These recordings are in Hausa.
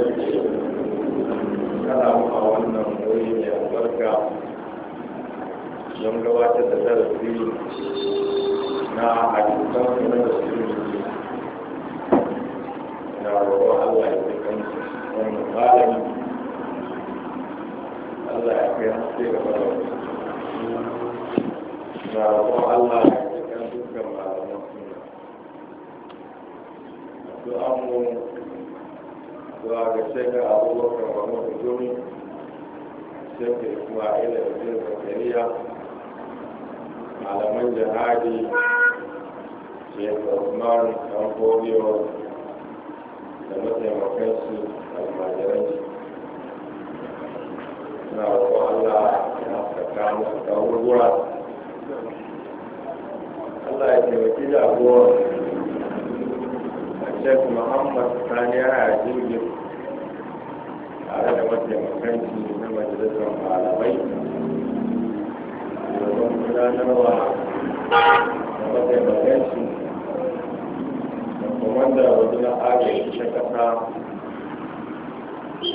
dace kana a wannan wuri mai albarka don gabatar da darasi na hadisan kuma da sirri da roƙon Allah ya fi kan wannan malami Allah ya kai haske ga malami da roƙon Allah ya fi kan dukkan malaman suna. Du'an mu zuwa ga shekar abubakar mahmud juni shekar ismail da jin zakariya malaman jihadi shekar usman dan kogiyar da mataimakan su almajiran shi na roƙon allah ya haskaka musu kawurwura allah ya taimaki jagoran الشيخ محمد ثاني عاجل tare da mataimakanci na majalisar malamai domin gudanarwa da mataimakanci da kuma da rundunar agaji ta kasa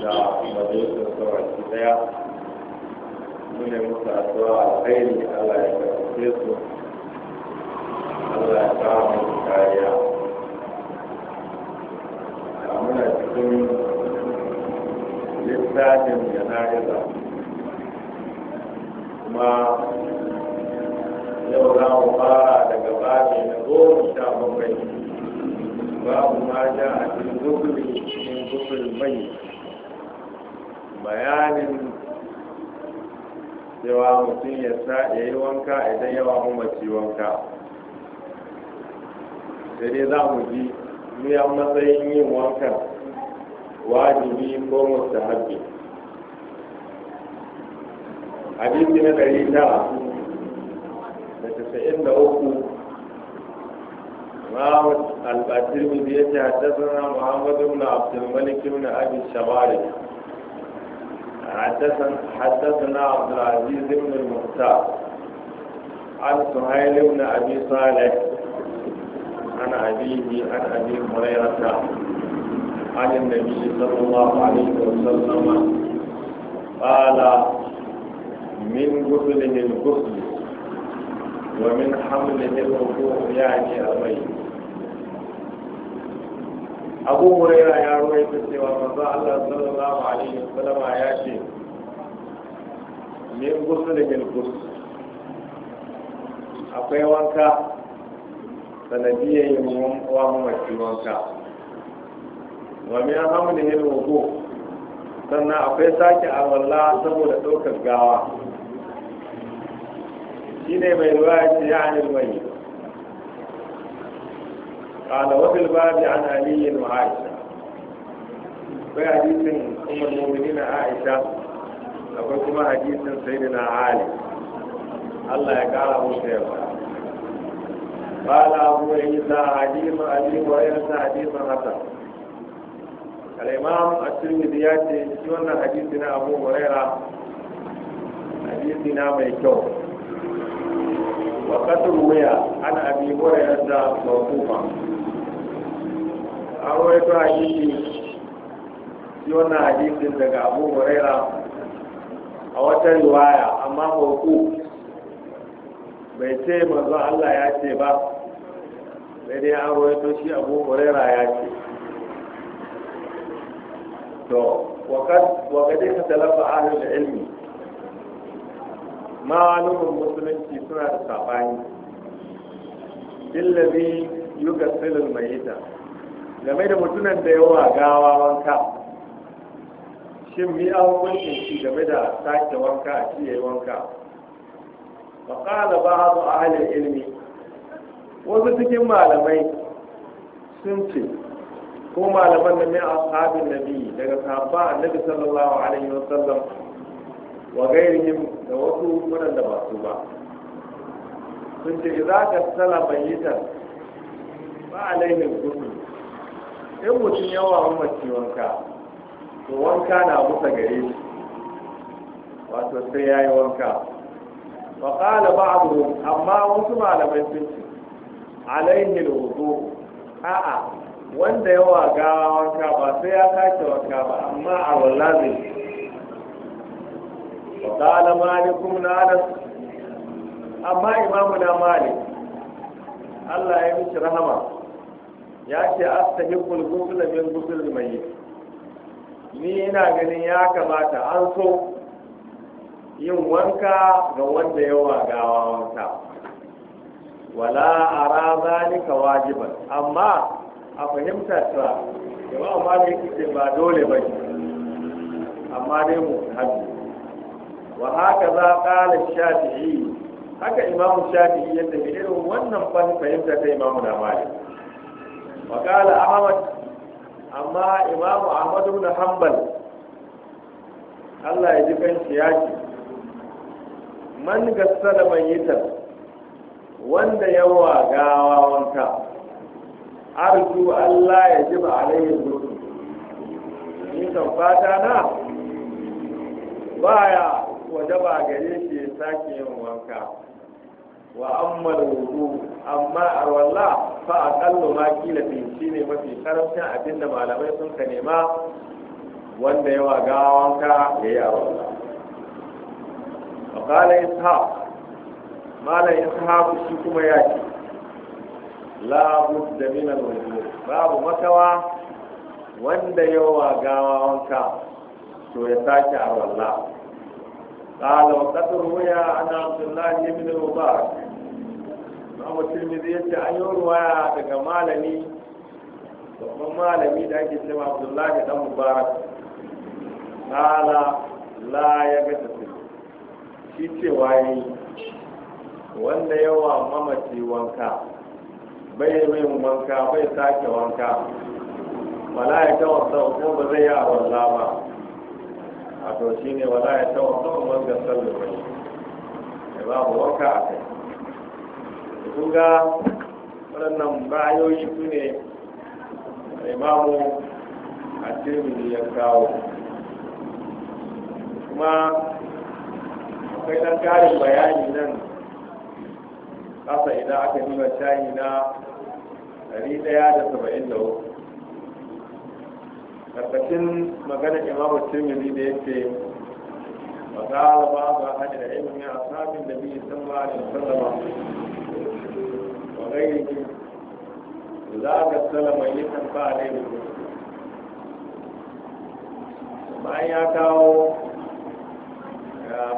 da majalisar sauraki daya mune musu addu'a alkhairi allah ya karfafe su kuma yau za mu fara daga babi na goma sha bakwai babu ma a cikin zubin cikin mai bayanin cewa mutum ya sa ya yi wanka idan yawa mamaci wanka sai dai za mu ji mu matsayin yin wankan wajibi ko mustahabbi hadisi na ɗari tara da tasa'in da uku Muhammad al-Batirmi ya ce haddasa Muhammad ibn Abdul Malik ibn Abi Shamari حدثنا عبد العزيز بن المختار عن سهيل بن ابي صالح عن ابيه عن ابي هريره عن النبي صلى الله عليه وسلم قال من غسله الغسل ومن حمله الركوع يعني أبي أبو هريرة يا روي سوى مزاع الله صلى الله عليه وسلم آياته من غسله الغسل akwai wanka sanadiyar yin wa mamaci wanka wa min hamlihi al sannan akwai sake alwala saboda ɗaukar gawa شيني من الواجه يعني الميت قال وفي الباب عن علي وعائشة في حديث أم المؤمنين عائشة أقول كما حديث سيدنا علي الله يقال أبو سيفا قال أبو عيسى عليم علي وعيسى عليم حسن الإمام الترمذي يأتي شو أن حديثنا أبو هريرة حديثنا ميتون وقد روي عن أبي هريرة موقوفا أرويت حديثي يونا حديث a أبو هريرة amma رواية أما موقوف بيتي manzo Allah ya ce ba sai dai an rawaito shi abu huraira ya ce to wakad wakad ka talafa ahlul ilmi malumin musulunci suna da saɓani illazi yuga silin mayita game da mutunan da yawa gawa wanka shin mi an hukuncin shi game da sake wanka a ciye wanka ba ƙala ba hazo a halin ilmi wasu cikin malamai sun ce ko malaman da mai ashabin nabi daga sahabba annabi sallallahu alaihi wasallam wa gairihim da wasu da ba su ba sun ce za ka tsala bayyitar ba a laihin gudu in mutum yawa mace wanka to wanka na musa gare shi wato sai ya yi wanka ba ƙala ba abu amma wasu malamai sun ce laihin hudu a'a wanda yawa gawa wanka ba sai ya sake wanka ba amma a wallazin قال مالك من انس اما امامنا مالك الله ya رحمه يا ya ce astahibbul من min الميت mayyit ni ina ganin ya kamata an so yin wanka ga wanda ya wagawa wanka wala ara ka wajiban amma a fahimtar yawa jama'a malik ba dole ba amma dai mu wa haka za qala shafi'i haka imamu shafi'i yadda bi irin wannan fahimta ta imamu na malik ahmad amma imamu ahmad ibn hanbal Allah ya ji kan shi yaki man gassala mayyitan wanda yawa gawa wanka arju Allah ya ji ba alaihi zurfi ni kan fata na baya ba gare shi ya sake yin wanka wa ammal wudu amma arwalla fa aqallu ma kila fi ne mafi karancin abinda malamai sun ka nema wanda yawa gawa wanka ya yi arwalla qala ishaq malam ishaq shi kuma ya ce la budda min babu makawa wanda yawa gawa wanka to ya sake arwalla قال وقد روي عن عبد الله بن المبارك Imam Tirmidhi ya ce an yi ruwaya daga malami babban malami da ake cewa Abdullahi dan Mubarak kala la ya ga tafi shi ce waye wanda yawa mamaci wanka bai mai wanka bai sake wanka wala ya ga wasa ko ba zai yi a walla ba a shi ne wala ya tawa kawai wanda sallar wani ya ba mu wanka a kai sun ga waɗannan bayoyi su ne imamu a cikin ya kawo kuma akwai ɗan ƙarin bayani nan ƙasa idan aka nuna shayi na 173 karkashin magana imamu tirmidhi da yake wa qala hada da ilmi a min da bi sallallahu alaihi wasallam wa ghayrihi la gasalama yakan ba. alaihi bayan ya kawo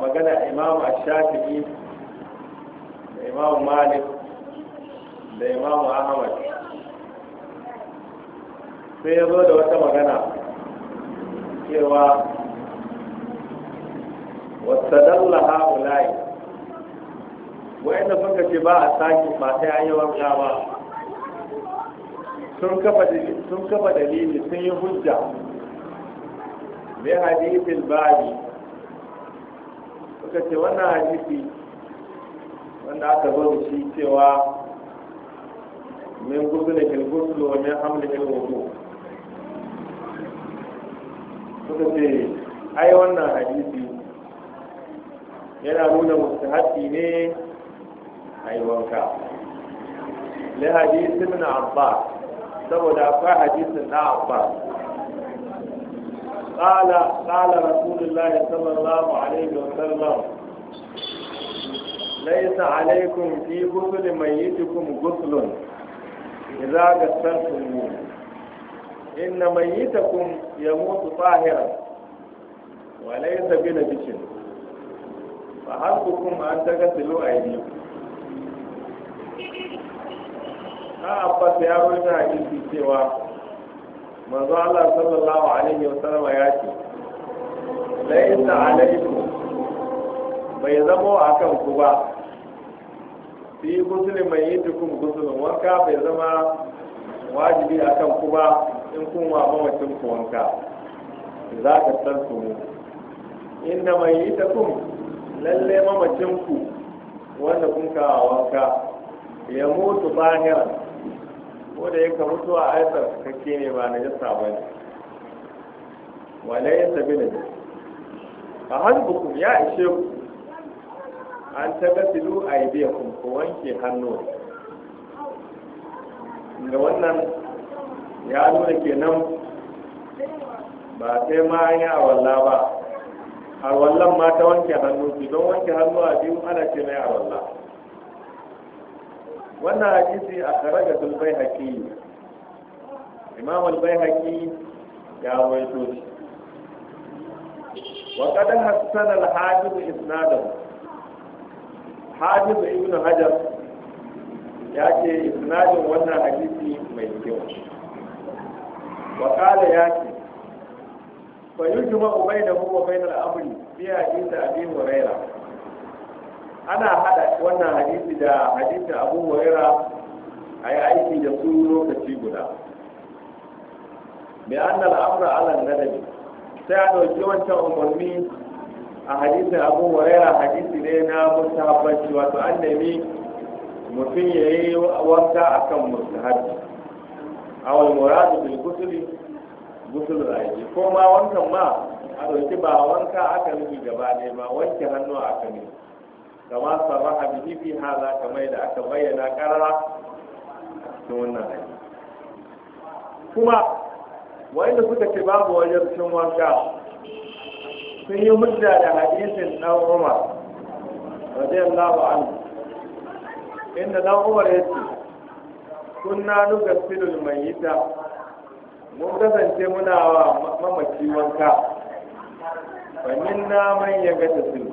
magana imamu ash-shafi'i da imamu malik da imamu ahmad sai ya zo da wata magana cewa wata dalla ha'ulai wa'anda suka ce ba a sake ba sai an yi wanka ba sun kafa dalili sun yi hujja bi hadithin babi suka ce wannan hadithi wanda aka zo da shi cewa min gudu da kilgudu wa min hamlin ilwudu suka ce ai wannan hadisi yana nuna mustahabi ne a yi wanka li na abba saboda akwai hadisin na abba قال قال رسول الله صلى الله عليه وسلم ليس عليكم في غسل ميتكم inna mayyitakum yamutu tahiran wa laysa bi najisin fa hakukum an tagasilu aydikum na abbas ya rubuta hadisi cewa manzo Allah sallallahu alaihi wa sallam ya ce laysa alaikum bai zamo akan ku ba fi gusulin mai yi tukun gusulin wanka bai zama wajibi a kan ku ba in kuma mamacin ku wanka za ka san su mu inda mai yi ta kun lalle mamacin ku wanda kun ka wanka ya mutu bahira ko da yake mutu a yasar kake ne ba na jasa ba ne wala ya sabi da a ku ya ishe ku an ta gasilu a yi biya ku wanke hannu ga wannan ya nuna kenan ba sai ma an yi awalla ba awallan ma ta wanke hannu don wanke hannu a biyu ana ce mai awalla wannan hadisi a ga sulbai haƙi imam albai haƙi ya wai shi وقد حسن الحاجب إسناده حاجب ابن حجر ya ce isnadin wannan hadisi mai kyau وقال ياتي فيجمع بينه وبين الامر في حديث ابي هريره انا هذا وانا حديث دا حديث أبو هريرة أي أيتي دا سورو غدا بأن الامر على الندب سيعنو جوان تأمرني a hadisin abu huraira hadisi ne na mustahabbanci wato annabi mutum ya yi wanka akan mustahabbi awal muradu bil gusuli gusul aiki ko ma wankan ma a ɗauki ba wanka aka nufi gaba ne ba wanke hannu aka nufi kama sarraha bihi fi hadha kamar da aka bayyana karara ta wannan hali kuma wanda suka ce babu wajen cin wanka sun yi hujja da hadisin dan Umar radiyallahu anhu inda dan Umar ya ce kunna nugasilul mayyita mun kasance muna wa mamaci wanka Wannan na man ya ga tasil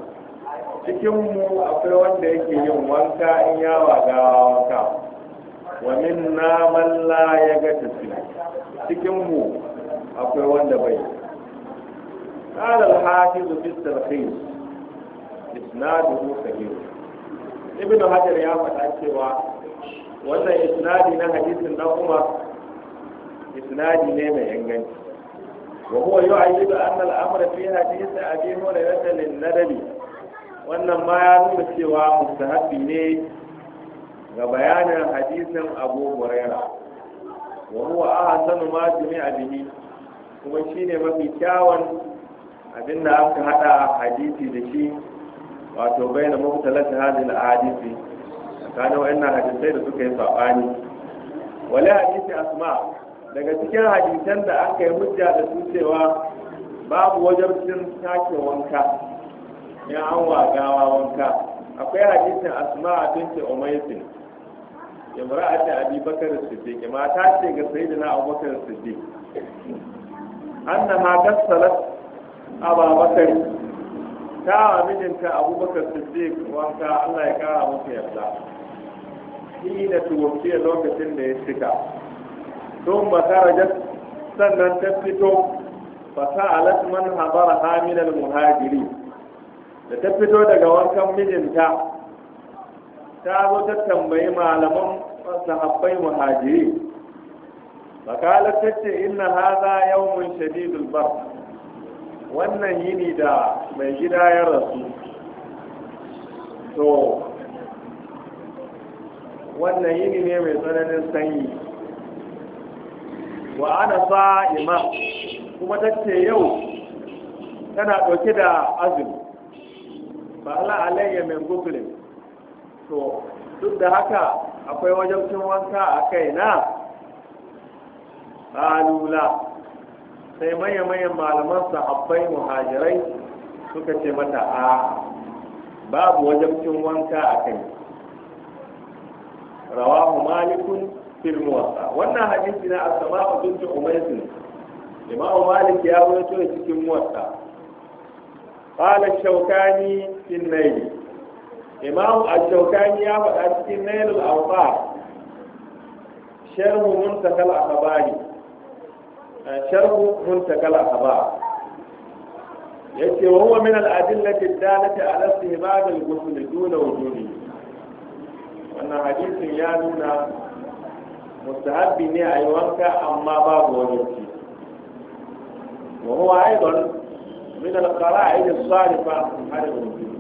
cikin mu akwai wanda yake yin wanka in ya waga wanka wa min na man la ya ga tasil cikin mu akwai wanda bai قال الحافظ في التلخيص إسناده ibn hajar ya faɗa cewa. wannan isnadi na hadisin na umar isnadi ne mai inganci wa huwa yu'ayyidu anna al-amra fi hadisi abi hurairah lin-nadabi wannan ma ya nuna cewa mustahabi ne ga bayanin hadisin abu hurairah wa huwa ahsanu ma jami'a bihi kuma shine mafi kyawun abinda aka hada hadisi da shi wato bayan mubtalat hadhihi al-hadisi kana wa'annan hadisai da suka yi sabani wala hadisi asma daga cikin hadisan da aka yi hujja da su cewa babu wajen cin sake wanka ya an wagawa wanka akwai hadisin asma a binti umaysin imra'ati abi bakar siddiq mata ce ga sayyidina abubakar siddiq annaha kassalat abubakar ta wa mijinta abubakar siddiq wanka Allah ya kara masa yarda hina tuwafiya lokacin da ya cika sun makarajat sannan ta fito fasa'alat man habara haminal muhajiri da ta fito daga wankan mijinta ta zo ta tambayi malaman sahabbai muhajiri fakalar ta ce inna haza mun shadidul bar wannan yini da mai gida ya rasu to wannan yini ne mai tsananin sanyi wa ana sa'ima kuma tace yau tana ɗauke da azumi ba Allah alayya min to duk da haka akwai wajen cin wanka a kai na alula sai manya-manyan malaman sahabbai muhajirai suka ce mata a babu wajen cin wanka a kai rawahu malikun fil muwatta wannan hadisi na asma'u bint umaysin imamu malik ya rawaito cikin muwatta qala shaukani fil imamu ash ya faɗa cikin nail al-awqaf sharh muntakal akhbari eh, sharh muntakal akhbar yace wa huwa min al-adillati wannan hadisin ya nuna mustahabbi ne a yi wanka amma babu wani ci wa huwa aidan min al-qara'id as-salifa har yanzu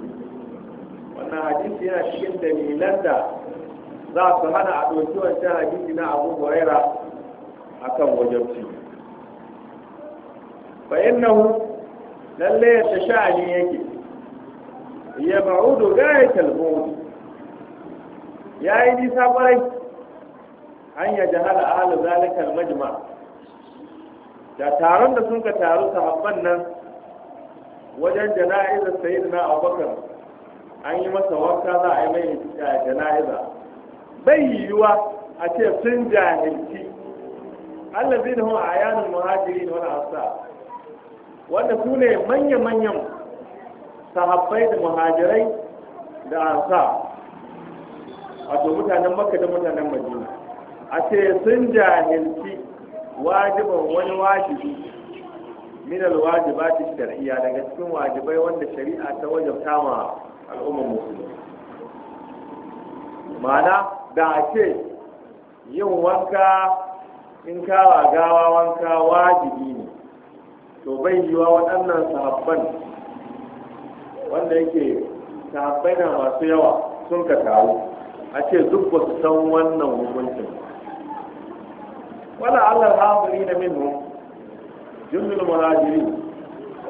wannan hadisi yana cikin dalilan da za su hana a ɗauki wancan hadisi na abu huraira akan wajabci fa innahu lalle ya tasha yake ya ba'udu gayatul bu'd ya yi nisa kwarai an ya jahala ahalu zalikal majma da taron da sun ka taru sahabban nan wajen jana'izar sayyidina abubakar an yi masa wanka za a yi mai eh, jana'iza bai yiwuwa a ce sun jahilci Allah zai da a yanin muhajiri wani wanda sune ne manya-manyan sahabbai da muhajirai da ansa wato mutanen makka da mutanen madina a ce sun jahilci wajiban wani wajibi min alwajibati shar'iyya daga cikin wajibai wanda shari'a ta wajabta ma al'ummar musulmi ma'ana da a ce yin wanka in kawa gawa wanka wajibi ne to bai yiwa waɗannan sahabban wanda yake sahabbai na masu yawa sun ka taru a ce duk ba su san wannan hukuncin wala allah da na hu jumlul muhajiri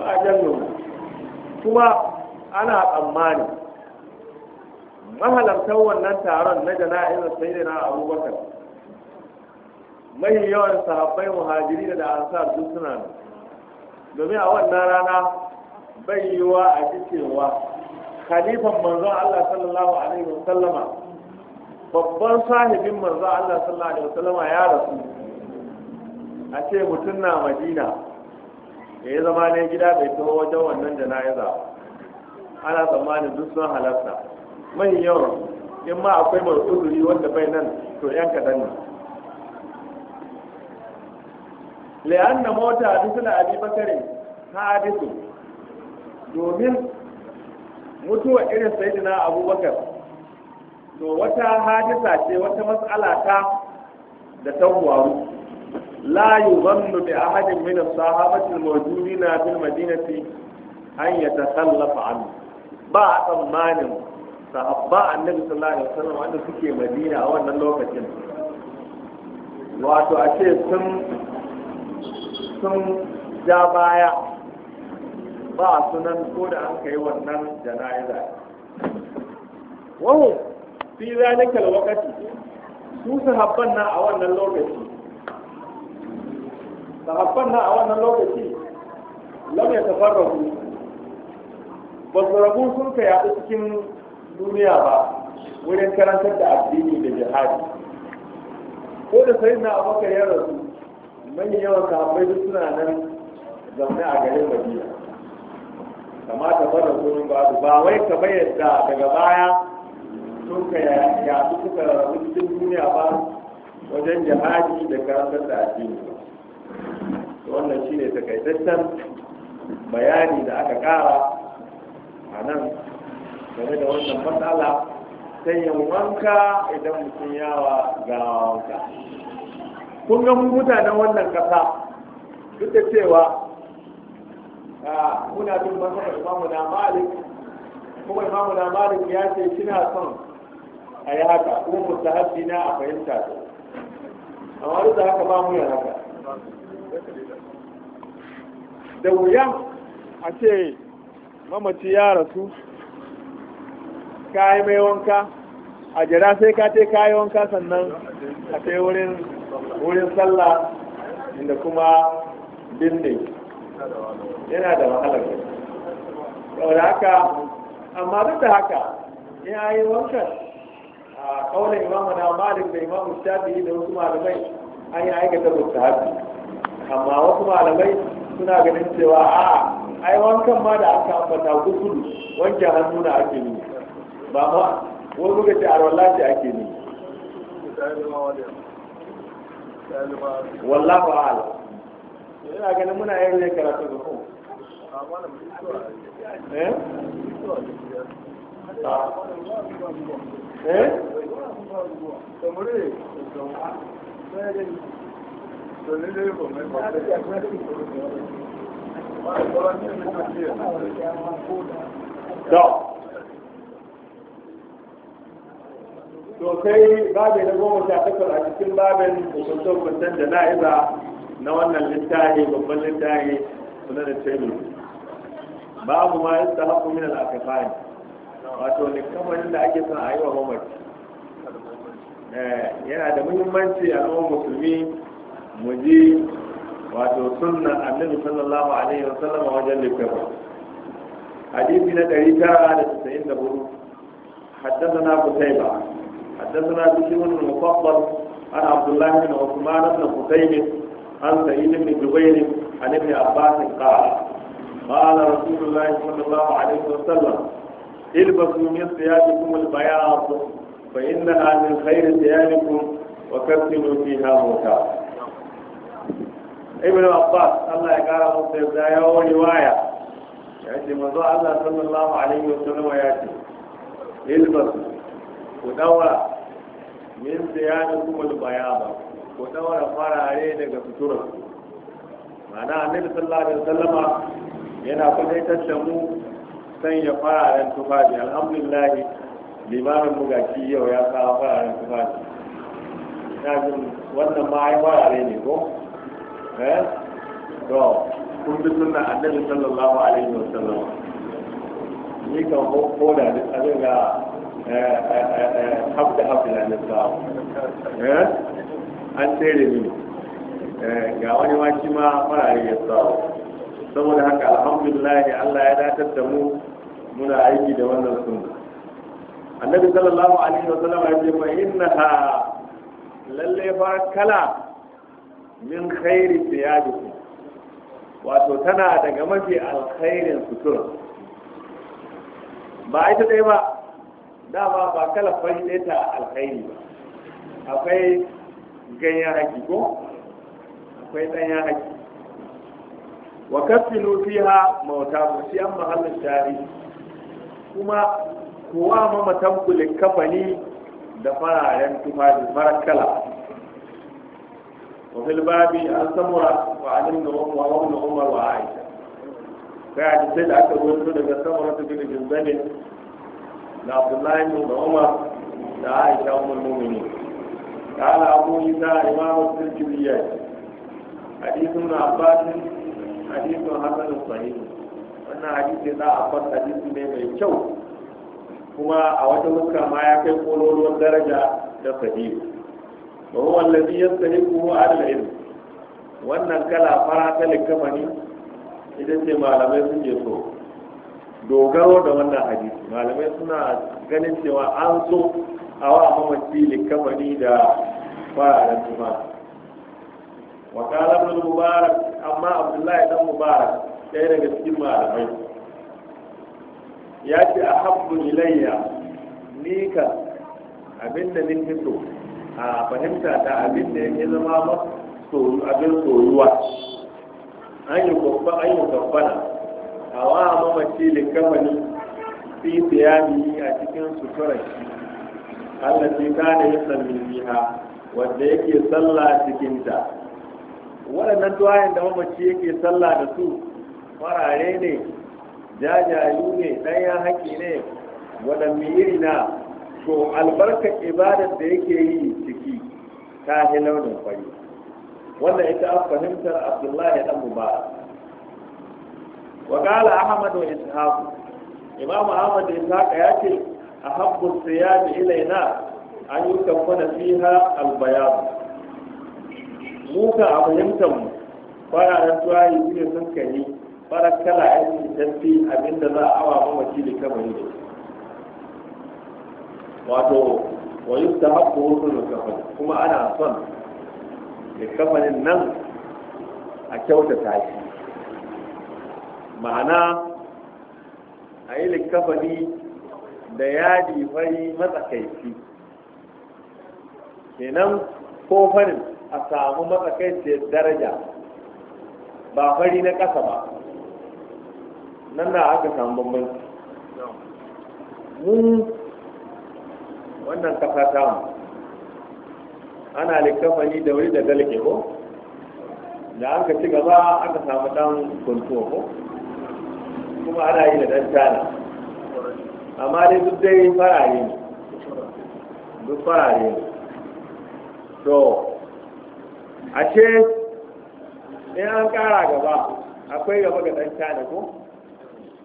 ba a jannu kuma ana tsammani mahalartar wannan taron na jana'izar sayyidina abubakar mai yawan sahabbai muhajiri da ansar duk suna domin a wannan rana bai yiwa a cikin wa. khalifan manzon Allah sallallahu alaihi wasallama babban sahibin manzo Allah sallallahu alaihi wasallam ya rasu a ce mutum na madina da ya zama ne gida bai taho wajen wannan jana'iza ana tsammanin duk sun halarta mai yawan in ma akwai mai uzuri wanda bai nan to yan kaɗan ne li'anna mota bisla abi bakare hadisu domin mutuwa irin sayyidina abubakar to wata hadisa ce wata matsala ta da tawwaru la yuzannu bi ahadin min as-sahabati al-mawjudina al madinati an yatakhallafa an ba a tsammanin sahabba annabi sallallahu alaihi wasallam wanda suke madina a wannan lokacin wato a ce sun sun ja baya ba sunan ko da an kai wannan jana'iza wahu fi zalikal waqti su sahabban na a wannan lokaci sahabban na a wannan lokaci ba su rabu sun ka yaɗu cikin duniya ba wurin karantar da addini da jihadi ko da sai na baka ya rasu manyan yawan sahabbai suna nan zaune a garin madina kamata ta fara ba ba wai ka bayyana daga baya suka yaɗu suka rabu cikin duniya ba wajen jihadi da karantar da addini wannan shi ne takaitaccen bayani da aka kara a nan game da wannan matsala sanyin wanka idan mutum yawa ga wanka kun ga mutanen wannan kasa duk da cewa muna bin masana imamu na malik kuma imamu na malik ya ce kina son a yi haka kuma mustahabbi na a fahimta ta amma duk da haka ba mu yin haka da wuya a ce mamaci ya rasu kayi mai wanka a jira sai ka ce kayi wanka sannan a ce wurin wurin sallah inda kuma binne yana da wahalar da haka amma duk da haka ya yi wankan a kaunar imamu na malik da imamu Shafi da wasu malamai an yi aikata haɗu, amma wasu malamai suna ganin cewa a ai wankan ma da aka ambata gudu wanke hannu na ake ne ba ma wani muka ce arwallah ce ake ni wallahu a'ala yana ganin muna yin ne karatu da kuma eh? eh to sai babi na goma sha takwas a cikin babin hukuncin da na'iza na wannan littafi babban littafi suna da taimaki babu ma yasta haƙu min al'akafani wato ne kamarin da ake son a yi wa umar eh, yana da muhimmanci a kuma musulmi mu ji wato suna annabi sallallahu alaihi wa sallama wajen littafi hadisi na ɗari tara da tasa'in da hudu haddasa na kutaiba haddasa na cikin wani mufafal an abdullahi bin usman bin kutai ne an sa'id bin jubair an ibn abbas qala qala rasulullahi sallallahu alaihi wa sallam تلبسوا من ثيابكم البياض فإنها من خير ثيابكم وكفنوا فيها موتا ابن عباس الله يقال مصير ذا يوم رواية يأتي موضوع الله صلى الله عليه وسلم ويأتي البسوا ودورة من ثيابكم البياض ودورة فارة علينا سترة معناها النبي صلى الله عليه وسلم yana kwadaitar da sanya fararen tufafi alhamdulillah limamin bugaci yau ya kawo fararen tufafi na jin wannan ma ai farare ne ko eh to kun bi sunna annabi sallallahu alaihi wa sallam ni kan ko ko da duk abin ga eh, eh, eh, habda habda na eh an tsere ni ga wani ma shi ma farare ya sawo saboda haka alhamdulillah Allah ya datar da mu muna aiki da wannan sunna annabi sallallahu alaihi wa sallam ya ce fa innaha lalle fa kala min khairi siyabikum wato tana daga mafi alkhairin sutura ba ita dai ba dama ba kala fari ɗaya ta alkhairi ba akwai ganyen haki ko akwai ɗanyen haki wa kafin fiha mauta ko shi an mahallin tarihi kuma kuwa ma tambulin kafani da fararen tumari kala. wa filibabi an samura wa alim da wawon da umar wa aisha sai a jisai da aka wuce daga samura ta gina jinzani na abdullahi ne da umar da aisha umar mumini ta ala abu yi za a imamu sirkiriyar hadisun na abbasin hadisun hasanin sahihin wannan hadisi za a fas hadisi ne mai kyau kuma a wata muka ma ya kai kololuwar daraja da sahihu wa huwa allazi yastahiqu ala ilm wannan kala fara ta likamani idan ce malamai sun suke so dogaro da wannan hadisi malamai suna ganin cewa an so a wa mamaci likamani da fara tuma wa qala ibn mubarak amma abdullahi dan mubarak ɗaya daga cikin malamai ya ce a habbu ilayya nika abinda ni fi so a fahimta ta abinda ya zama ba abin soyuwa an yi kwabbana a wa mamaci likamani fi siyami a cikin suturar shi Allah ce ta da yi sami biha wadda yake sallah cikinta waɗannan tuwayen da mamaci yake sallah da su farare ne jajayu ne dan ya haƙi ne waɗanne iri na to albarkar ibadar da yake yi ciki ta yi launin fari wannan ita an fahimtar abdullahi dan mubarak wa qala ahmad ishaq imam ahmad da ishaq ya ce ahabbu siyab ilaina an yukaffana fiha albayad mu ka a fahimtar mu fararen tuwayi ne sun kai farar kala aiki fi abinda za a awa mamaci da kamar wato wani ta haƙo wasu da kuma ana son da nan a kyautata shi ma'ana a yi likafani da yadi fari matsakaici kenan ko farin a samu matsakaiciyar daraja ba fari na ƙasa ba nan da aka samu bambanci mun wannan kasa mu ana likafani da wuri da dalke ko da aka ci gaba aka samu dan kuntuwa ko kuma ana yi da dan tana amma dai duk dai farare ne duk farare ne to ashe in an kara gaba akwai gaba ga dan tana ko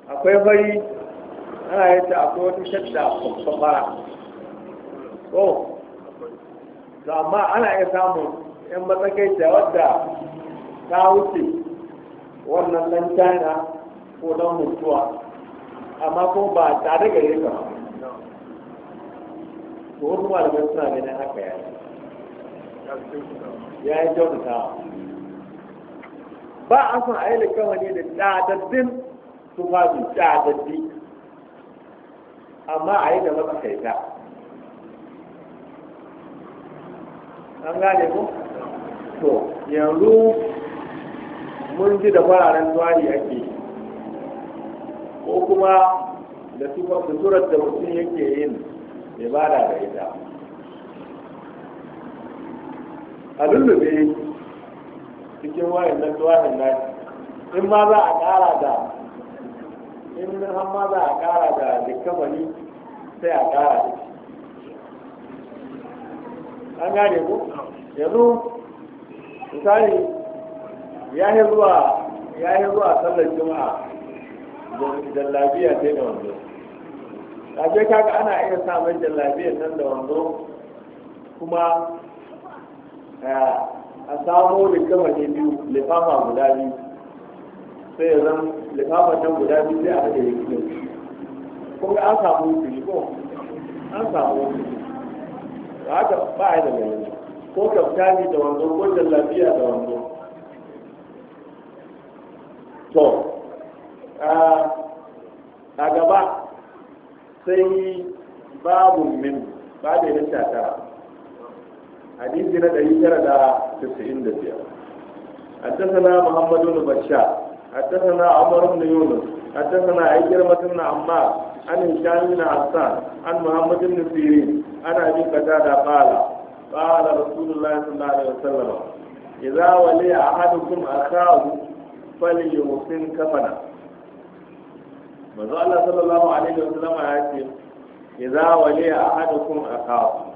akwai fari ana yadda akwai wata shadda kwamfan fara ko oh, to amma ana iya samun yan da wadda ta wuce wannan dan china ko dan mutuwa amma ko ba tare gare ka ba ko wani malamai suna ganin haka ya ya yi kyautata ba a son a yi likamani da ɗadaddin su tufafin tsadaddi amma a yi da matsakaita an gane ku to yanzu mun ji da fararen tuwari ake ko kuma da surar da mutum yake yin ibada da ita a lullube cikin wayan nan tuwarin nashi in ma za a ƙara da in har hamma za a kara da likamani sai a kara da shi an gane ku yanzu misali ya yi zuwa ya yi zuwa sallar juma'a jallabiya sai da wando kaje kaga ana iya samun jallabiyar nan da wanzu kuma eh, a samu likamani biyu lifafa guda biyu sai ya zan likafan nan guda biyu sai a haɗe ya kiyar Kuma an samu wuturi ko an samu wuturi ba haka ba a yi da gani ko kaftani da wanzu ko lafiya da wanzu. to a gaba sai babu min ba da sha tara hadisi na ɗari tara da tisa'in da biyar حدثنا محمد بن بشار حدثنا عمر بن يونس حدثنا عكرمة بن عمار عن هشام بن عفان عن محمد بن سيرين عن ابي قتادة قال قال رسول الله صلى الله عليه وسلم إذا ولي أحدكم أخاه فليحسن كفنا manzo Allah sallallahu alaihi wasallam ya ce idza wali ahadukum akahu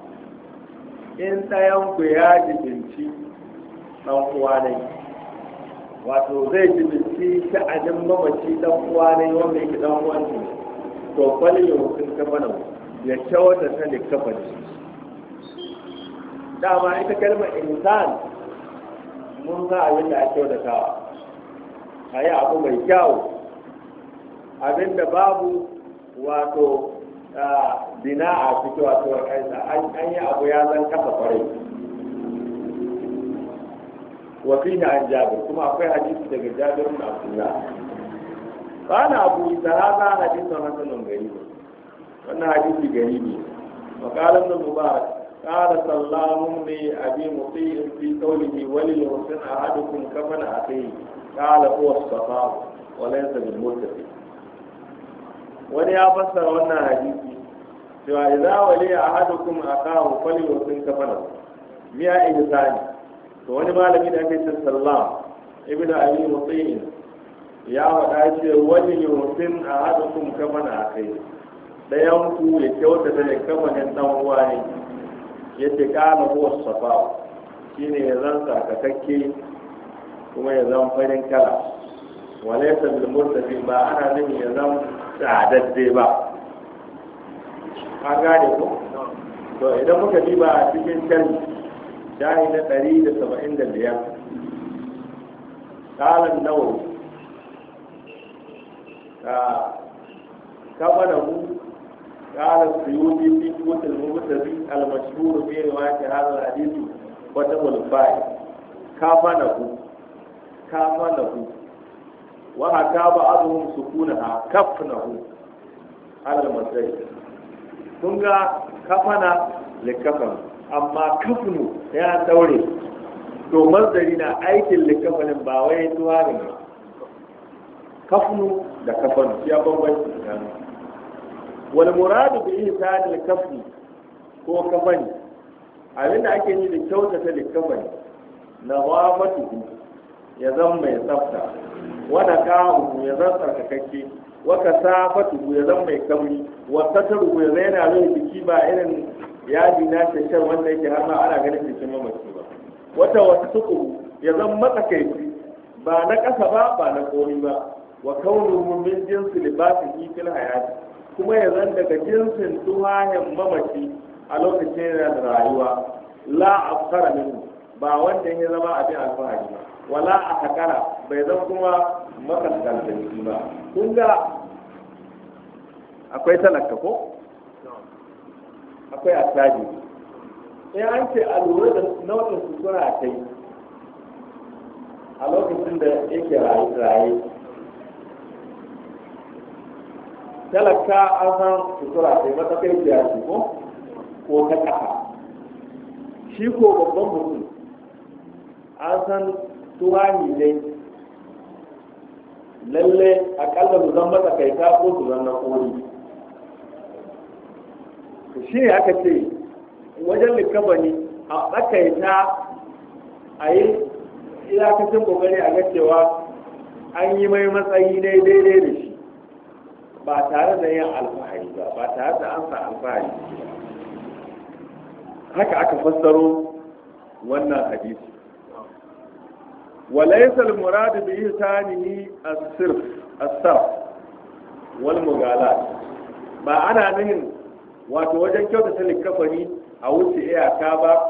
in tayan ku ya jibinci dan uwa ne wato zai ji ta ajin mamaci dan uwa ne wanda yake dan uwan ne to kwali ya hukun mana ya kyawata ta ne kafani dama ita kalmar insan mun sa abin da ake kawa a yi abu mai kyau abin da babu wato ah, bina a cikin wato an yi abu ya zan kafa kwarai وفينا عن جابر كما في حديث دقى جابر بن عبد الله قال ابو عيسى هذا حديث حسن غريب وأن حديث غريب وقال ابن مبارك قال سلام لي ابي مطيع في قوله وللحسن أحدكم كفن أخيه قال هو الصفاء وليس بالملتفت وني افسر fassara wannan hadisi cewa idza waliya ahadukum akahu falyusin kafana miya ihsani to wani malami da ake cin sallah ibn ali mutsin ya faɗa ce wani yurfin a haɗa kun kama na kai ɗayan ku ya kyautata da ne dan uwa ne ya ce ƙala ko safa shine ne ya zan sakakakke kuma ya zan farin kala walaysa bil murtafi ba ana nan ya zan sadadde ba an gane ko to idan muka diba a cikin tarihi shahi na ɗari da saba'in da biyar ƙalan nawa ka kaba da mu ƙalan suyuti fi kutul mubtadi al-mashhur fi riwayati hadha al-hadith wa tabul fa'i kafa da ku kafa da ku wa haka ba'dhum sukunaha kafnahu ala al-masjid kun ga kafana likafan amma kafinu ya daure to mazari na aikin likafanin ba wai da ne kafinu da kafanu ya bambanci tsakanin Wani muradu yi ihsan da kafni ko kafani abinda ake yi da kyautata likafani na wamatu ya zama mai tsafta wada kawo ya zama tsarkakakke waka safatu ya zama mai kauri wata tarugu ya zai na zai jiki ba irin ji na shan wanda yake har ma ana ganin jikin mamaci ba wata wasu tuku ya zan matsakaici ba na ƙasa ba ba na komi ba wa kaunuhu min jinsi libasi fil hayati kuma ya zan daga jinsin tuhayen mamaci a lokacin da rayuwa la afkara minhu ba wanda ya zama abin alfahari ba wala a hakara bai zan kuma makaskantar ba kun ga akwai talaka ko akwai asali in eh, an ce a lura da nau'in su suna kai a lokacin da yake raye talaka an san sutura kai matakai su ce ko ko ta kafa shi ko babban mutum an san tuwani ne lalle akalla su zan matakaita ko su zan na kori shi ne aka ce wajen ne a tsakaita a yi ilakacin kokari a ga cewa an yi mai matsayi dai daidai da shi ba tare da yin alfahari ba ba tare da an sa alfahari haka aka fassaro wannan hadisi وليس المراد بإحسانه الصرف wal mugalat ba ana nuhin wato wajen kyautata likafani a wuce iyaka ba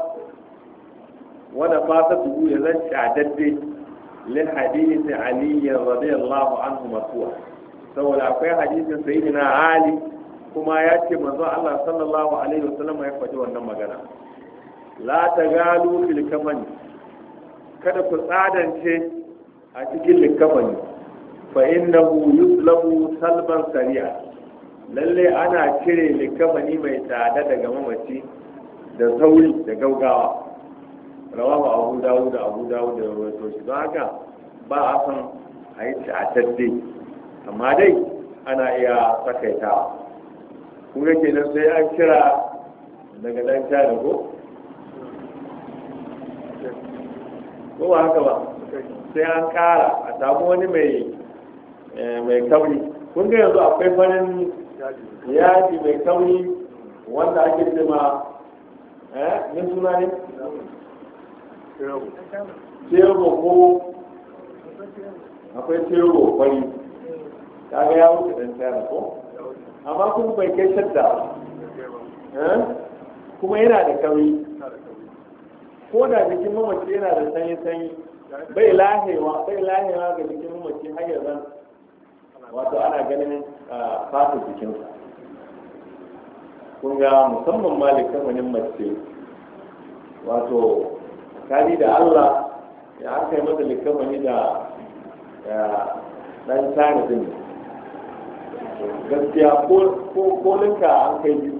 wani fata su ya zan cadadde li hadisi ali radiyallahu anhu masuwa saboda akwai hadisin sayyidina ali kuma ya ce manzo Allah sallallahu alaihi wasallam ya faɗi wannan magana la tagalu fil kafani kada ku tsadance a cikin likafani fa innahu yuslabu salban sari'a lalle ana cire likamani mai tsada daga mamaci da sauri da gaugawa rawahu abu dawo da abu dawo da wato shi don haka ba a san a yi tadde. amma dai ana iya sakaitawa Kuma ga nan sai an kira daga dan da ko ko ba haka ba sai an kara a samu wani mai eh, mai kauri kun ga yanzu akwai farin yaji mai kauri wanda ake cema eh min suna ne tebo ko akwai tebo kwari kaga ya wuce dan tsara ko amma kuma bai kai shadda eh? kuma yana da kauri ko da jikin mamaci yana da sanyi sanyi bai lahewa bai lahewa ga jikin mamaci har yanzu wato ana ganin fata jikinsa kun ga musamman malikan wani mace wato kari da allah ya aka yi mata likamani da dan tsari din gaskiya ko linka an kai biyu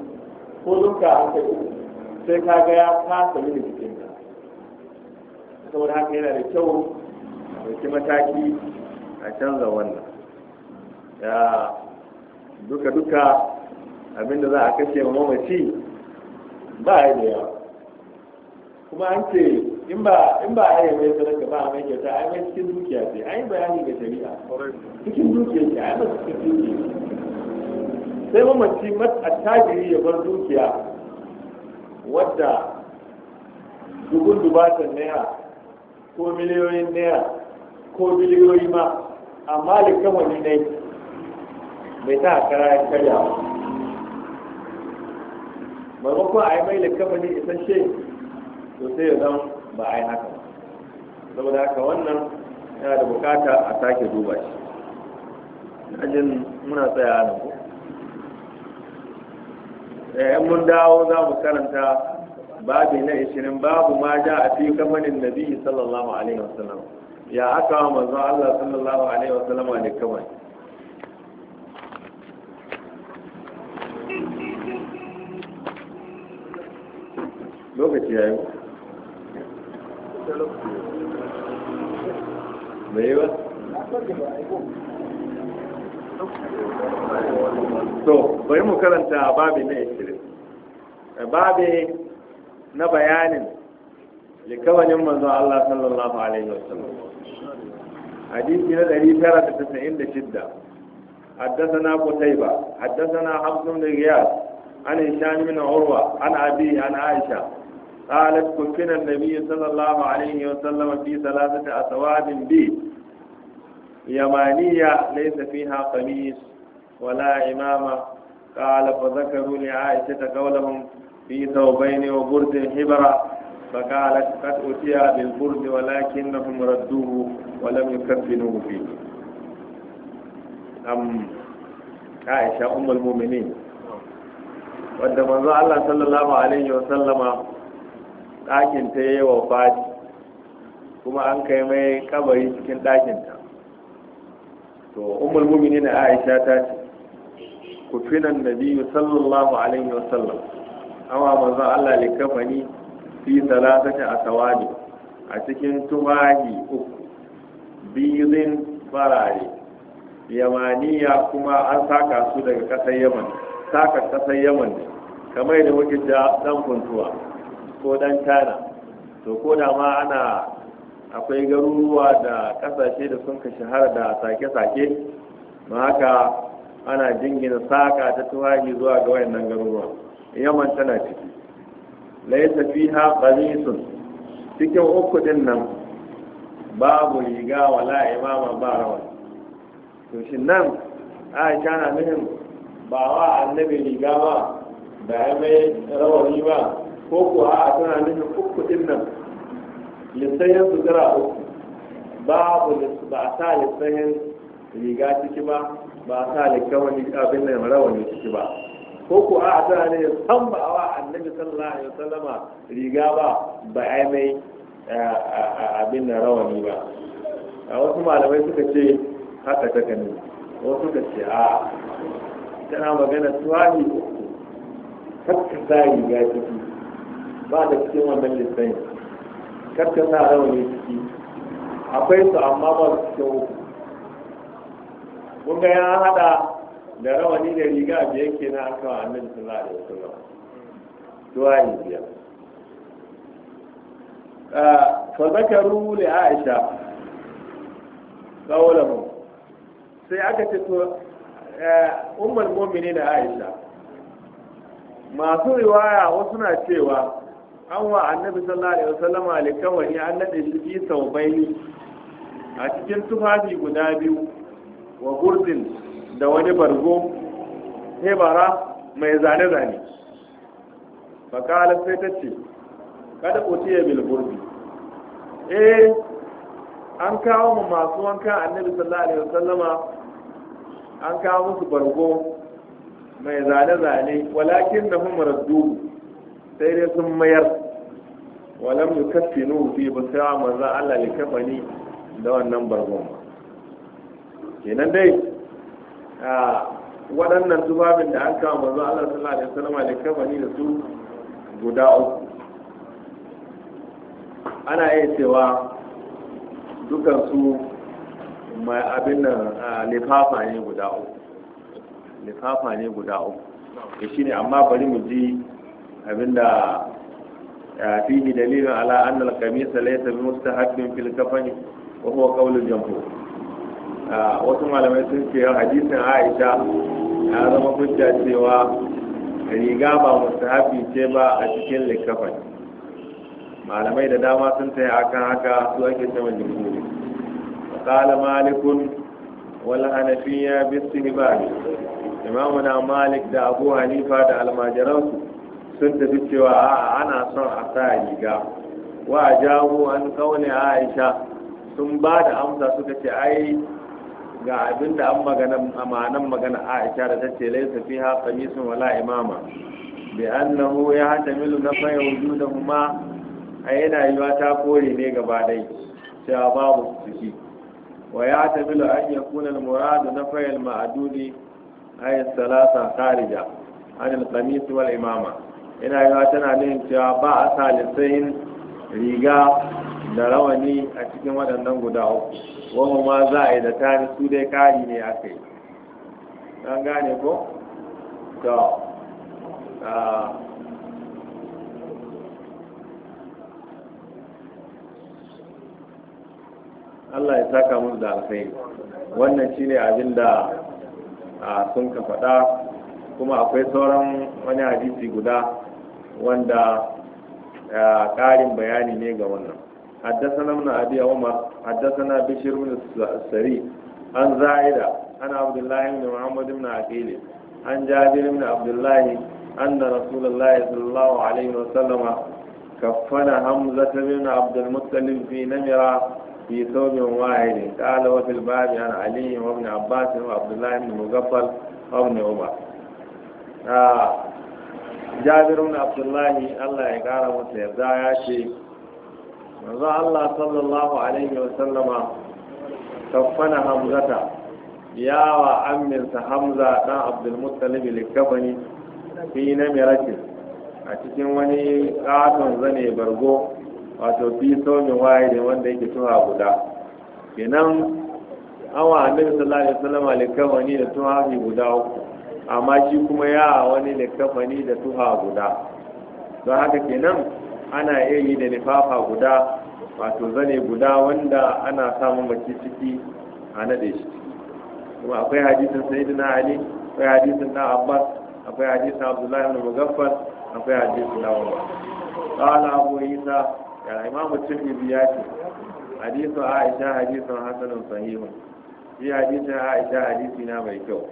ko linka an kai uku sai ka ga ya fasa mini jikin ka saboda haka yana da kyau dauki mataki a canza wannan ya duka duka abinda za a kashe mamaci ba a da yawa kuma an ce in ba a yi mai sadaka ba a mai kyauta a mai cikin dukiya ce yi bayani ga shari'a cikin dukiya ce yi mai cikin dukiya sai mamaci attajiri ya bar dukiya wadda dubun dubatan naira ko miliyoyin naira ko biliyoyi ma amma da kawai ne mai ta kara ya karya ba maimakon a yi mai likafani isasshe to sai ya zan ba a yi haka saboda haka wannan yana da bukata a sake duba shi ajin muna tsaya nan ko eh mun dawo za mu karanta babi na ishirin babu ma ja a fi kafanin nabi sallallahu alaihi wasallam ya aka manzo Allah sallallahu alaihi wasallam ne kamar lokaci ya yi yi ba to bari mu karanta babi na 20 babi na bayanin likawanin manzo Allah sallallahu alaihi wasallam hadisi na tara da da 996 حدثنا قتيبة حدثنا حفص بن غياث عن هشام بن عروة عن أبي عن عائشة قالت كنتنا النبي صلى الله عليه وسلم في ثلاثة أسواد بي يمانية ليس فيها قميص ولا إمامة قال فذكروا لعائشة قولهم في ثوبين وبرد حبرة فقالت قد أتي بالبرد ولكنهم ردوه ولم يكفنوه فيه أم عائشة أم المؤمنين wadda الله صلى الله عليه وسلم ɗakin ta yi wa fati kuma an kai mai kabari cikin ɗakin ta to umar mumini na aisha ta ce ku finan biyu sallallahu alaihi wasallam amma manzon allah likafani fi salatati a tawani a cikin tumahi uku bizin farare yamaniya kuma an saka su daga ƙasar yaman saka kasar yaman ne kamar da muke dan ɗan kuntuwa ko dan china to ko da ma ana akwai garuruwa da kasashe da sun ka shahara da sake-sake ma haka ana jingina saka ta tuwahi zuwa ga wayannan garuruwa yaman tana ciki laisa fiha qamisun cikin uku din nan babu riga wala imama ba rawa to shin nan aisha na nufin ba wa annabi riga ba da mai rawani ba ko kuwa a tana nufin uku din nan lissayin su zira uku babu ba a sa lissayin riga ciki ba ba a sa likawani abin nan rawani ciki ba ko kuwa a tana nufin san ba wa annabi sallallahu alaihi wasallama riga ba ba ai mai abin nan rawani ba a wasu malamai suka ce haka ta kanu wasu suka ce a tana magana tuwahi uku ta sa riga ciki ba da cikin wannan lissafi karka sa rawani ciki akwai su amma ba su cikin uku kun ga ya hada da rawani da riga da yake na aka wa annabi sallallahu alaihi wasallam waye biya fa zakaru li aisha qawluhu sai aka ce to eh, ummul mu'minin aisha masu riwaya wasu na cewa an wa annabi sallallahu alaihi wasallam alkawari an nade shi bi saubaini a cikin tufafi guda biyu wa gurdin da wani bargo hebara mai zane-zane Bakala sai ta ce kada ku otiya bil gurdi eh an kawo mu masu wanka annabi sallallahu alaihi wasallama an kawo musu bargo mai zane-zane walakin da mu raddu sai dai sun mayar walam yi kafi nuhu fi ba sai wa manzan Allah ne kafani da wannan bargon kenan dai waɗannan tufafin da an kama manzan Allah sallallahu alaihi wasallam ne kafani da su guda uku ana iya cewa su mai abin nan lifafa ne guda uku lifafa ne guda uku da shi ne amma bari mu ji abinda fihi dalilin ala anna al-qamisa laysa bi mustahabbin fil kafani wa huwa qawl al jamfu. wasu malamai sun ce hadisin Aisha ya zama hujja cewa riga ba mustahabbi ce ba a cikin likafani malamai da dama sun taya akan haka su ake cewa jumhuri qala malikun wal hanafiya bis imamuna malik da abu hanifa da almajiransu sun tafi cewa a ana son a sa riga wa jawo an kaune aisha sun ba da amsa suka ce ai ga abin da an magana amanan magana aisha da ta ce laisa ha qamisun wala imama bi annahu ya hatamilu na fa wujudahuma ai yana yiwa ta kore ne gaba dai cewa babu ciki wa ya hatamilu an yakuna al muradu na fa al ma'dudi ay salasa kharija an al qamis wal imama ina yi wata na nuna cewa ba a sa lissahin riga da rawani a cikin waɗannan guda uku wani ma za a yi da ta tani su dai kari ne a kai don gane ko? to Allah ya saka mun da alkhairi wannan shine abin da sun ka faɗa kuma akwai sauran wani hadisi guda wanda ƙarin bayani ne ga wannan haddasana muna abi a umar haddasana bishir min sari an za'ida an abdullahi min muhammad an jabir min abdullahi anna rasulullahi sallallahu alaihi wa sallam kaffana hamzata min abdul muttalib fi namira fi sawmi wahid qala wa fil bab an ali wa ibn abbas wa abdullahi min mughaffal umar jabirun abdullahi allah ya kara masa yarda ya ce manzo allah sallallahu alaihi wa wasallama kafana hamzata yawa amminsa hamza dan abdulmuttalib likabani fi na mirakin a cikin wani katon zane bargo wato fi somin waye ne wanda yake tuha guda kenan awa annabi sallallahu alaihi wasallama likabani da tuha guda uku amma shi kuma ya wani likafani da tuha guda don haka kenan ana iya yi da lifafa guda wato zane guda wanda ana samun mace ciki a naɗe shi kuma akwai hadisin sayyidina ali akwai hadisin na abbas akwai hadisin abdullahi ibn mugaffar akwai hadisin na umar qala abu isa ya imamu tirmidhi ya ce hadisin aisha hadisun hasanun sahihun shi hadisin aisha hadisi na mai kyau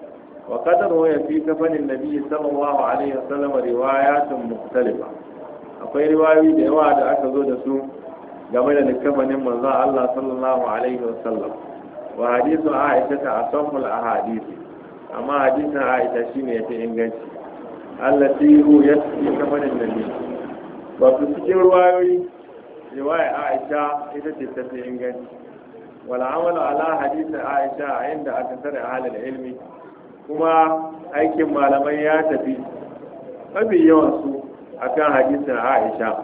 وقد روي في كفن النبي صلى الله عليه وسلم روايات مختلفة akwai riwayoyi da yawa da aka zo da su game da likafanin manzo Allah sallallahu alaihi wasallam wa hadithu Aisha ta asaful ahadith amma hadithin Aisha shine yafi inganci allati ruwayat fi kafanin nabi wato cikin riwayoyi riwaya Aisha ita ce ta fi inganci Aisha inda aka tare ilmi kuma aikin malamai ya tafi mafi yawansu a kan hadisin aisha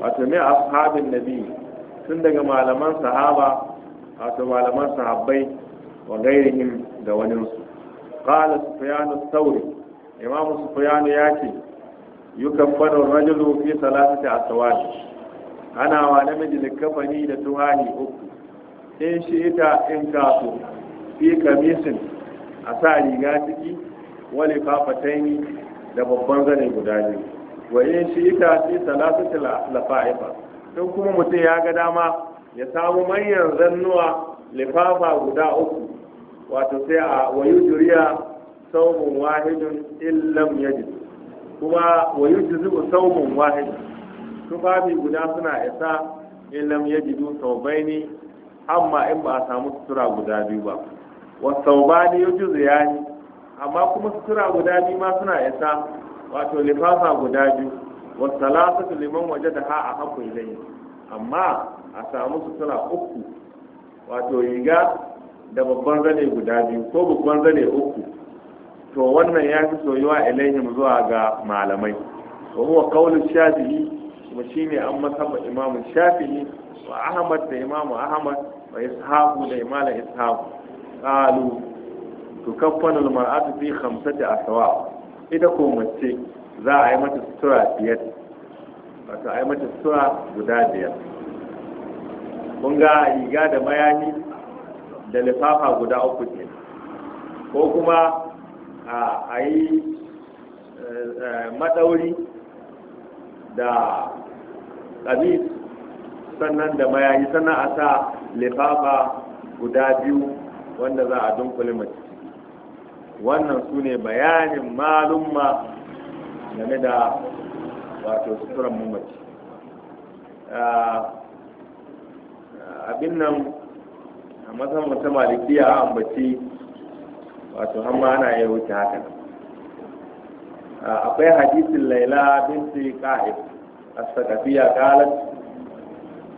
wato mai ashabin nabi tun daga malaman sahaba wato malaman sahabbai wa gairihim da waninsu kala su ath sauri imamu ya ce yi ar-rajulu fi salatati aswad ana wa namiji likafani da tuhani uku in shi ita in kasu fi kamisin a sa riga ciki wani fafatani da babban zane guda biyu wayin shi ita ce salasatu lafa'ifa in kuma mutum ya ga dama ya samu manyan zannuwa lifafa guda uku wato sai a wayu juriya saumun wahidun illam yajid kuma wayu juzu saumun wahidun tufafi guda suna isa illam yajidu saubaini amma in ba a samu sutura guda biyu ba wasau ba ne ya juzu ya yi amma kuma sutura guda biyu ma suna isa wato lifafa guda biyu su liman waje da ha a haku ilai amma a samu sutura uku wato riga da babban zane guda biyu ko babban zane uku to wannan ya fi soyuwa ilai zuwa ga malamai wa huwa shafi shafi'i kuma shine an masaba shafi shafi'i wa ahmad da imamu ahmad wa ishaku da imala ishaku qalu tukaffanu almar'atu fi khamsati aswa ita ko mace za a yi mata sutura biyar wato a yi mata sutura guda biyar kun ga riga da mayani da lifafa guda uku ne ko kuma a yi maɗauri da ƙabis sannan da mayayi sannan a sa lifafa guda biyu wanda za a dunkule mace wannan su ne bayanin malumma game da wato suturan mamaci abin nan a matsayin wata malikiya a ambaci wato hamma ana iya wuce haka akwai hadisin laila binti ka'ib a saqafiyya qalat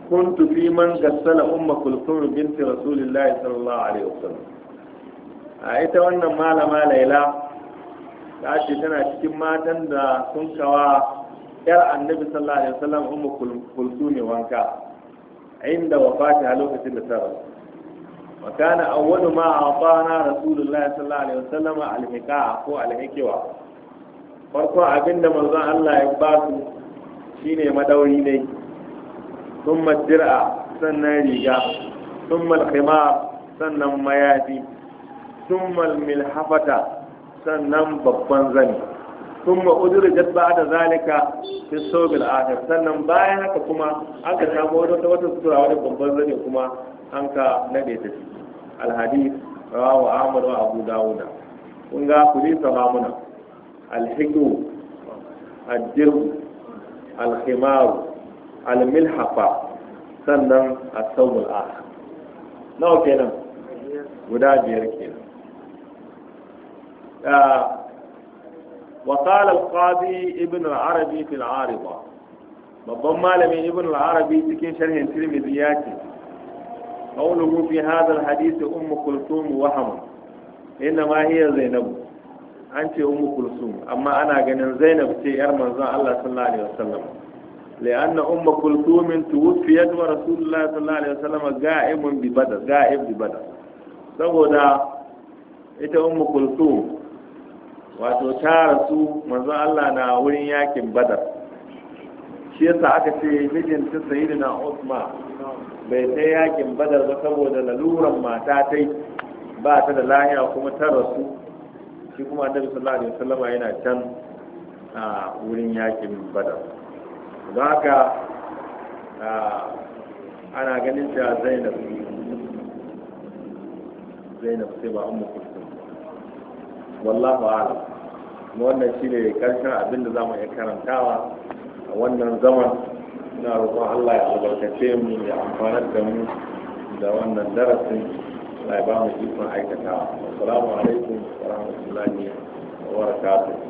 كنت في من غسل أم كلثوم بنت رسول الله صلى الله عليه وسلم أيتا وانا مالا مالا إلا لأشي تنا تكما تندى سنكوا يرى النبي صلى الله عليه وسلم أم كلثوم وانكا عند وفاتها لوكة الثرى وكان أول ما أعطانا رسول الله صلى الله عليه وسلم الحكاة أو الحكوة farko abinda manzon Allah ya ba su shine madauri ne sun dir'a sannan riga sun malkhima sannan mayafi sun milhafata sannan babban zani sun ma'udur jadba da zalika fi sobil akhir sannan bayan haka kuma an ka samu wata sutura wani babban zani kuma an ka nade ta ciki ahmad wa abu samamuna الخمار almilhafa sannan a saumul a nawa kenan guda biyar kenan وقال القاضي ابن العربي في العارضة babban malamin ibn al-arabi cikin sharhin tirmidhi ya ce qawluhu fi hadha al-hadith ummu kulthum waham ma hiya zainab an ce ummu kulthum amma ana ganin zainab ce yar manzon Allah لأن أم كلثوم توفيت ورسول الله صلى الله عليه وسلم قائم ببدر قائم ببدر ita أم كلثوم wato ta rasu manzon Allah na wurin yakin badar shi yasa aka mijinta sayyidina bai sai yakin badar ba saboda laluran mata tai ba ta da lahiya kuma ta rasu shi kuma annabi sallallahu yana can a wurin yakin badar za ka ana ganin ta zainab zainab sai ba amma kulsum wallahu kuma wannan shi ne karshen abin da za mu iya karantawa a wannan zaman ina roƙon Allah ya albarkace mu ya amfanar da mu da wannan darasin Allah ba mu ikon aikatawa assalamu alaikum wa rahmatullahi wa barakatuh